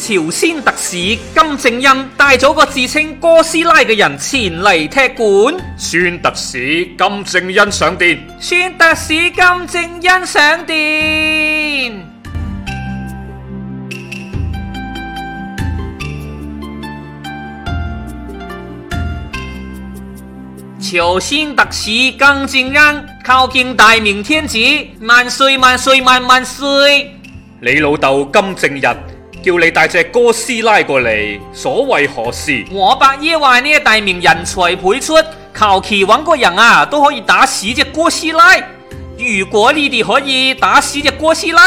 朝鮮特使金正恩帶咗個自稱哥斯拉嘅人前嚟踢館。宣特使金正恩上殿。宣特使金正恩上殿。朝鮮特使金正恩叩見大明天子萬歲萬歲萬萬歲。你老豆金正日？叫你帶隻哥斯拉過嚟，所為何事？我伯爺話呢，大地人才輩出，求其揾個人啊都可以打死隻哥斯拉。如果你哋可以打死隻哥斯拉，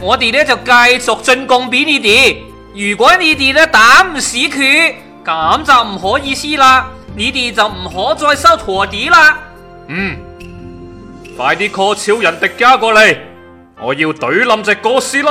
我哋呢就繼續進貢俾你哋。如果你哋呢打唔死佢，咁就唔可以試啦。你哋就唔可再收陀地啦。嗯，快啲 call 超人迪迦過嚟，我要懟冧隻哥斯拉。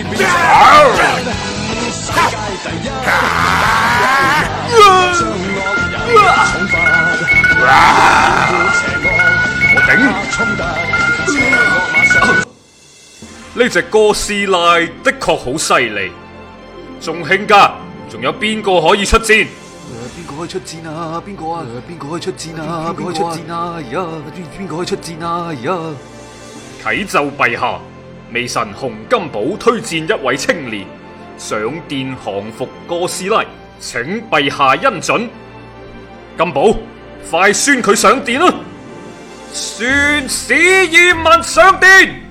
呢隻哥斯拉的確好犀利，仲興家，仲有邊個可以出戰？邊、呃、個可以出戰啊？邊個啊？邊個、啊、可以出戰啊？邊個出戰啊？呀！邊個可以出戰啊？啟奏、啊啊、陛下，微臣洪金寶推薦一位青年上殿降服哥斯拉。請陛下恩准。金寶，快宣佢上殿啦！宣史艷文上殿。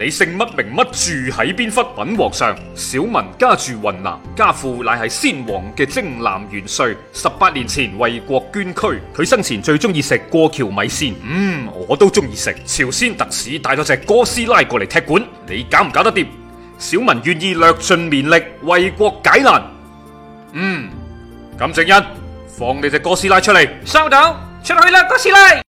你姓乜名乜住喺邊忽？禀皇上，小文家住雲南，家父乃係先皇嘅征南元帥，十八年前為國捐軀。佢生前最中意食過橋米線，嗯，我都中意食。朝鮮特使帶咗隻哥斯拉過嚟踢館，你搞唔搞得掂？小文願意略盡綿力為國解難。嗯，金正恩放你隻哥斯拉出嚟，收到，出去啦哥斯拉。